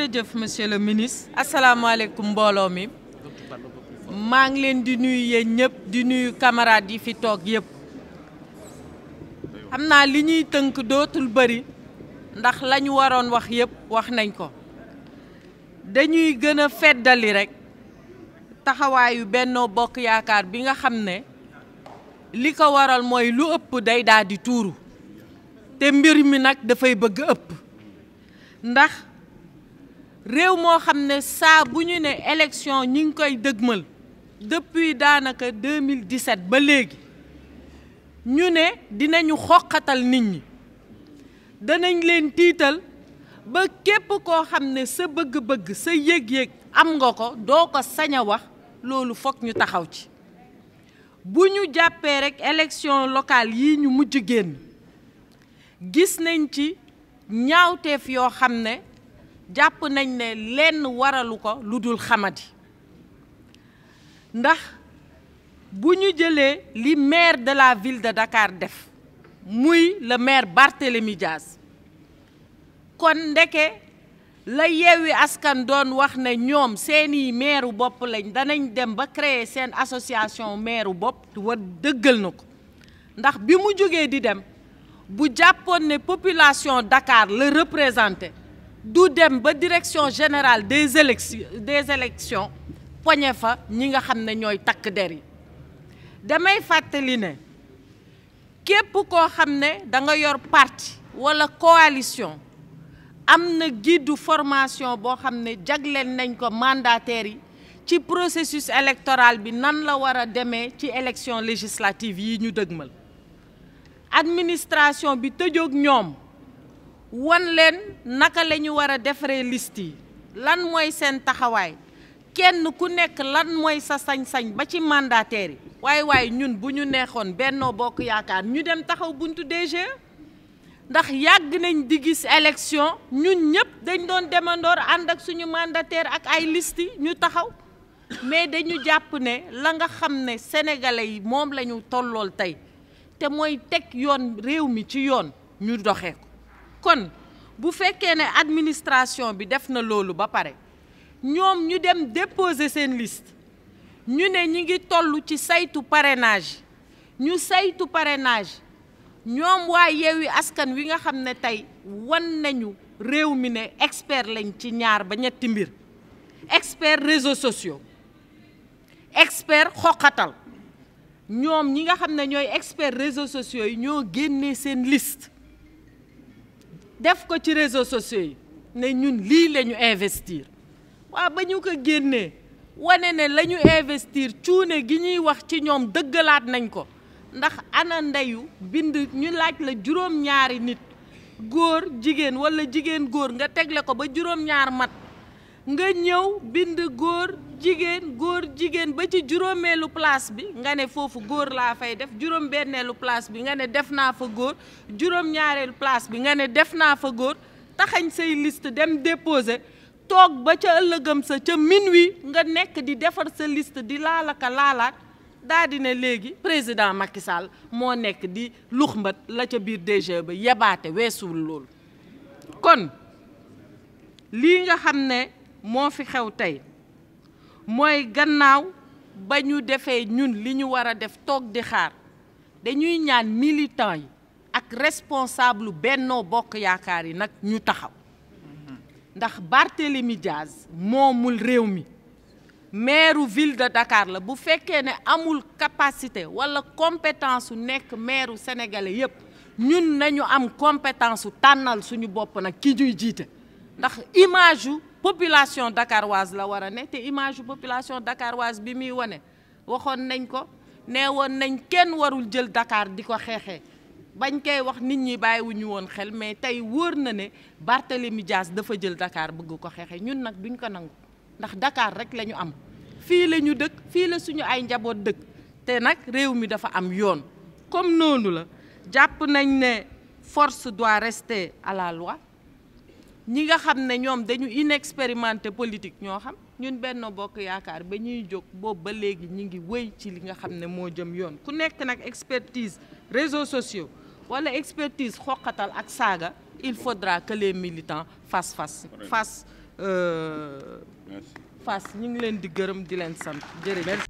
jërëjëf monsieur le ministre asalaamaaleykum mbooloo mi maa ngi leen di nuyu yéen ñëpp di nuyu camarades yi fi toog yëpp xam naa li ñuy tënk dootul bari ndax lañu waroon wax yépp wax nañ ko dañuy gën a feddali rekk taxawaayu Benno Bokk Yaakaar bi nga xam ne li ko waral mooy lu ëpp day daal di tuuru te mbir mi nag dafay bëgg ëpp ndax réew moo xam ne saa bu ñu ne élection ñu ngi koy dëgmal depuis daanaka 2017 ba léegi ñu ne dinañu xoqatal nit ñi danañ leen tiital ba képp koo xam ne sa bëgg-bëgg sa yëg-yëg am nga ko doo ko sañ a wax loolu foog ñu taxaw ci bu ñu jàppee rekk élection locale yi ñu mujj génn gis nañ ci ñaawteef yoo xam ne jàpp nañ ne lenn waralu ko lu dul xamadi ndax bu ñu jëlee li maire de la ville de Dakar def muy le maire Barthélémy Dias kon ndeke la Yewwi Askan doon wax ne ñoom seeni maireu bopp lañ danañ dem ba créer seen association maireu bopp wa dëggal na ko ndax bi mu jógee di dem bu jàppoon ne population Dakar la représenté du dem ba direction générale des élections des élections poñe fa ñi nga xam ne ñooy takk der yi damay fàttali ne képp koo xam ne da nga yor parti walla coalition am na guide formation boo xam ne jagleen nañ ko mandataires yi ci processus électoral bi nan la war a demee ci élection législative yi ñu dëgmal administration bi tëjoog ñoom wan leen naka la ñu war a defaree liste yi lan mooy seen taxawaay kenn ku nekk lan mooy sa sañ-sañ ba ci mandataire yi waaye waaye ñun bu ñu neexoon Benno Bokk Yaakaar ñu dem taxaw buntu DG ndax yàgg nañ di gis élection ñun ñëpp dañ doon demandoor ànd ak suñu mandataire ak ay liste ñu taxaw mais dañu jàpp ne la nga xam ne sénégalais yi moom la ñu tollool tey te mooy teg yoon réew mi ci yoon ñu doxee ko kon bu fekkee ne administration bi def na loolu ba pare ñoom ñu dem déposer seen liste ñu ne ñi ngi toll ci saytu parrainage ñu saytu parenage ñoom waa Yewwi Askan Wi nga xam ne tey wan nañu réew mi ne expert lañ ci ñaar ba ñetti mbir expert réseaux sociaux expert xoqatal ñoom ñi nga xam ne ñooy expert réseaux sociaux yi ñoo génnee seen liste def ko ci réseaux sociaux yi ne ñun lii lañu ñu investir waaw ba ñu ko génnee wane ne la ñu investir cuune gi ñuy wax ci ñoom dëggalaat nañ ko ndax ana ndeyu bind ñu laaj la juróom-ñaari nit góor jigéen walla jigéen góor nga tegle ko ba juróom-ñaar mat nga ñëw bind góor jigéen góor jigéen ba ci juróomeelu place bi nga ne foofu góor laa fay def juróom benneelu place bi nga ne def naa fa góor juróom ñaareelu place bi nga ne def naa fa góor taxañ say list dem déposer toog ba ca ëllëgam sa ca minuit nga nekk di defar sa list di laalaka laalaat daa di ne léegi président Macky moo nekk di lux mbat la ca biir DG ba yebaate weesuwul loolu kon lii nga xam ne moo fi xew tey mooy gannaaw ba ñu defee ñun li ñu war a def toog di xaar dañuy ñaan militant yi ak responsable Benno Bokk Yaakaar yi nag ñu taxaw ndax Barthélémy Diaz moomul réew mi maire ville de Dakar la bu fekkee ne amul capacité wala compétence su nekk maire sénégalais yépp ñun nañu am compétence su tànnal suñu bopp nag ki ñuy jiite ndax image population dakaroise la war a ne te image population dakaroise bi muy wane waxoon nañ ko nee woon nañ kenn warul jël Dakar di ko xeexee bañ koy wax nit ñi bàyyiwuñu woon xel mais tey wóor na ne Barthélemy Dias dafa jël Dakar bëgg ko xeexee ñun nag duñ ko nangu ndax Dakar rek la ñu am fii la ñu dëkk fii la suñu ay njaboot dëkk te nag réew mi dafa am yoon comme noonu la jàpp nañ ne force doit rester à la ñi nga xam ne ñoom dañu inexpérimenté politique ñoo xam ñun benn bokk yaakaar ba ñuy jóg boobu ba léegi ñi ngi wéy ci li nga xam ne moo jëm yoon ku nekk nag expertise réseaux sociaux wala expertise xoqatal ak saaga il faudra que les militants fassent face face face ñu ngi leen di gërëm di leen sant jërëjëf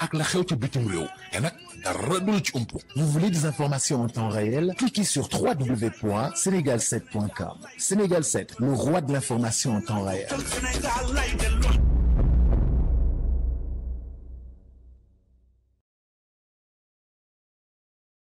ak la xew ci bitim réew te nag dara du la Vous voulez des informations en temps réel? Cliquez sur www.senegal7.com. Sénégal 7, le roi de l'information en temps réel.